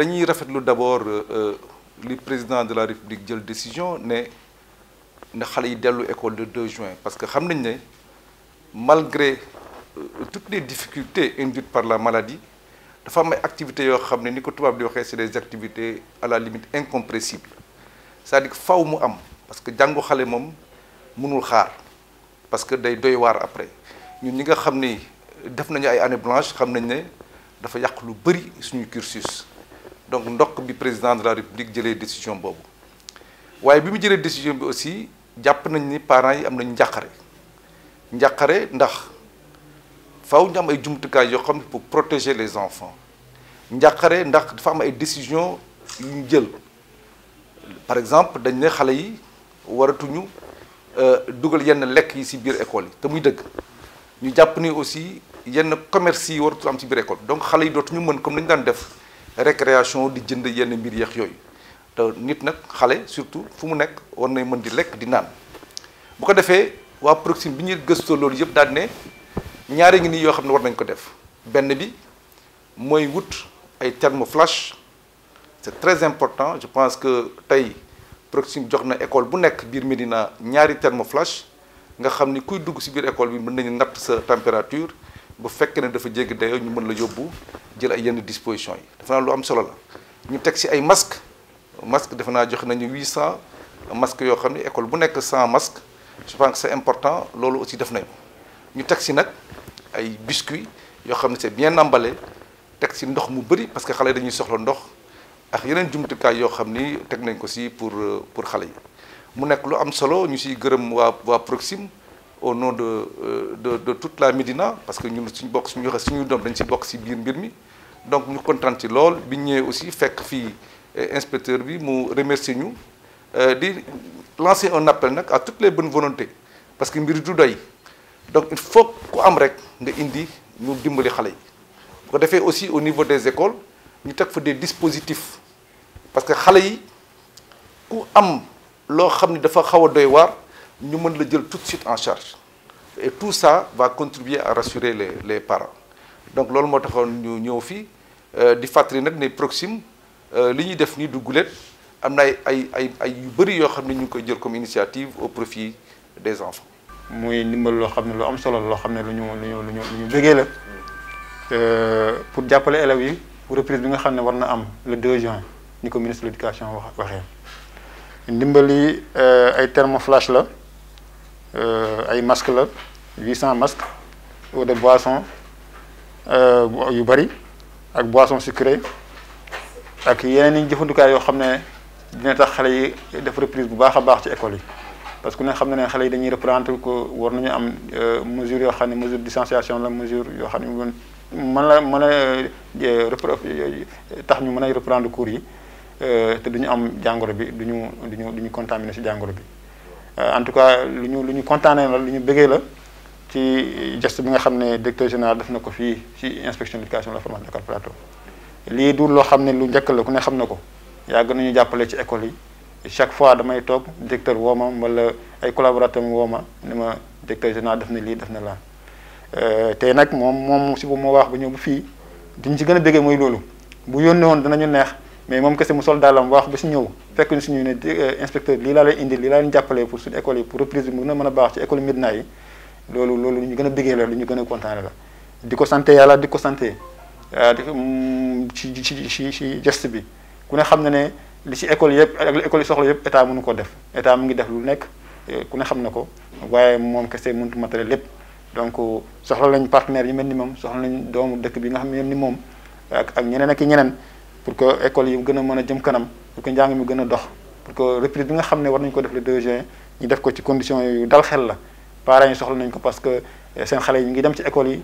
dañuy rafetlu d'abord euh, le président de la république jël décision de na xalé yi déllu école le 2 juin parce que xam malgré euh, toutes les difficultés induites par la maladie dafa am activité activités xamné ni ko des activités à la limite incompressibles c'est-à-dire faw mu am parce que jangou xalé mom mënul xaar parce que day doy war après ñun ñi nga xamné def nañu ay année blanche xam nañ dafa lu suñu cursus donc ndokk bi président de la république jëlee décision boobu waaye bi mu jëlee décision bi aussi jàpp nañ ni parents yi am nañ njàqare njàqare ndax faw ñu am ay jumtukaay yoo xam ne pour protéger les enfants njàqare ndax dafa am ay décision yu ñu jël par exemple dañ ne xale yi waratuñu euh, dugal yenn lekk yi ci biir école yi te muy dëgg ñu jàpp ni aussi yenn commerce yi waratu am ci biir école donc xale yi dootuñu mën comme nañu daan def récréation di jënd yenn mbir yeex yoy te nit nak xalé surtout fu mu nekk war nay mën di lek di nan bu ko défé wa Proxim bi ñuy gëstoo loolu yëpp daal né ñaari ngi nii yoo xam war nañ ko def benn bi moy wut ay thermoflash c'est très important je pense que tay Proxim jox na école bu nek bir Médina ñaari thermoflash nga xamni kuy dugg ci bir école bi mën nañu natt sa température bu fekk ne dafa jéggi dayo ñu mën la yobbu jël ay yenn dispositions yi dafa naa lu am solo la ñu teg si ay masques masque defe naa jox nañu huit cent masques yoo xam ne école bu nekk cent masques je pense c'est important loolu aussi def nañu ñu teg si nag ay biscuits yoo xam ne c'est bien emballé teg si ndox mu bëri parce que xale dañuy soxla ndox ak yeneen jumtukaay yoo xam ni teg nañ ko si pour euh, pour xale yi mu nekk lu am solo ñu siy gërëm waa waa Proxim au nom euh, de de toute la Médina parce que nous suñu bokk suñu suñu doom dañ ci bokk ci donc nous sommes contents de bi ñëwee aussi fekk que eh, inspecteur bi mu remercier ñu euh, lancer un appel à toutes les bonnes volontés parce que mbir du doy donc il faut que nous rek nga indi ñu dimbali xale yi aussi au niveau des écoles nous avons fait des dispositifs parce que les yi ku am choses nous ne dafa nous le dire tout de suite en charge. Et tout ça va contribuer à rassurer les, les parents. Donc, c'est ce que nous avons des fratries sont proximes. Ce que nous du goulet, am que ay ay ay yu comme initiative au profit des enfants. muy ndimbal que xam ne lu am solo pour xam ne lu ñu euh, pour élèves yi reprise bi nga le 2 juin ni ko ministre de l'éducation. éducation a été yi ay là euh, ay masque la 800 masques eau de boisson euh yu bari ak boisson sucrée ak yeneen ñi jëfandukaay kay yo xamné dina tax xalé yi def reprise bu baaxa baax ci école yi parce que ne xamné né xalé yi dañuy reprendre ko war nañu am euh, mesure yo xamné mesure distanciation la mesure yoo xam ne mën la mën a euh, tax ñu mën reprendre cours yi euh te duñu am jangoro bi duñu duñu duñu contaminer ci jangoro bi Euh, en tout cas lu ñu lu ñu kontaanee la lu ñu bëggee la ci geste bi nga xam ne directeur général def na ko fii ci inspection de l'éducation de la formation de Dakar lii du loo xam ne lu njëkk la ku ne xam na ko yàgg na ñu jàppale ci école yi chaque fois damay toog directeur woo ma wala ay collaborateur woo ma ni ma directeur général def ne lii def na laa euh, tey nag moom moom si bu moo wax ba ñëw bu fii diñ ci gën a déggee mooy loolu bu yónnee woon danañu neex mais moom kese mu sol dàllam wax ba si ñëw fekk ñu suñu ne euh, inspecteur lii laa leen indi lii laa leen jàppale pour suñu école yi pour reprise bi mu gën a mën a baax ci école Médina yi loolu loolu lu ñu gën a bëggee la lu ñu gën a kontaane la di ko santé yàlla di ko santé euh, mm, ci ci ci ci geste bi ku ne xam na ne li ci école yëpp ak li école yi soxla yëpp état mënu ko def état mu ngi def lu nekk euh, ku ne xam ne ko waaye moom kese muntu matale lépp donc soxla lañ partenaire yu mel ni moom soxla lañ doomu dëkk bi nga xam ne ni moom ak ak ñeneen ak ñeneen pour que école yi gën a mën a jëm kanam pour que njàng mi gën a dox pour que reprise bi nga xam ne war nañu ko def le 2 juin ñu def ko ci condition yu dal xel la parents yi soxla nañ ko parce que seen xale yi ñu ngi dem ci école yi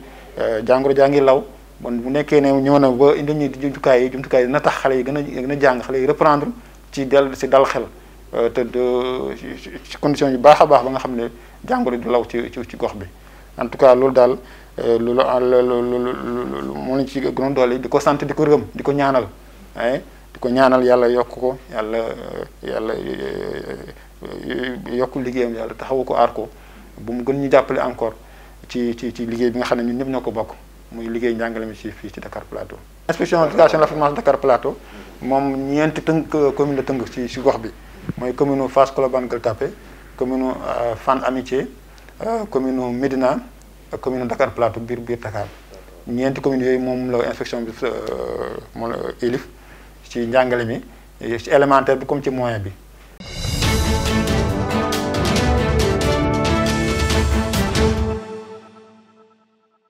jàngoro jaa ngi law bon bu nekkee ne ñëw na ba indi ñu jumtukaay yi jumtukaay yi dina tax xale yi gën a gën a jàng xale yi reprendre ci del si dal xel te ci condition yu baax a baax ba nga xam ne jàngoro du law ci ci gox bi en tout cas loolu daal loolu loolu moom lañ ci gën a doole di ko sant di ko rëm di ko ñaanal ay ko ñaanal yàlla yokk ko yàlla yàlla eh, eh, yokku liggéeyam yàlla taxawu ko aar ko bu mu gën ñu jàppale encore ci ci ci liggéey bi nga xam ne ñun ñëpp ñoo ko bokk muy liggéey njàngale mi ci fii ci Dakar Plateau. inspection éducation la formation Dakar palato moom ñeenti tënk commune la tënk ci ci gox bi mooy commune nu Fass Colobane Gueule Tapée commune nu euh, Fann euh, commune nu Médina commune nu Dakar Plateau biir biir Dakar ñeenti communes yooyu moom la inspection bi euh, moom la élif ci njàngale mi ci élémentaire bi comme ci moyen bi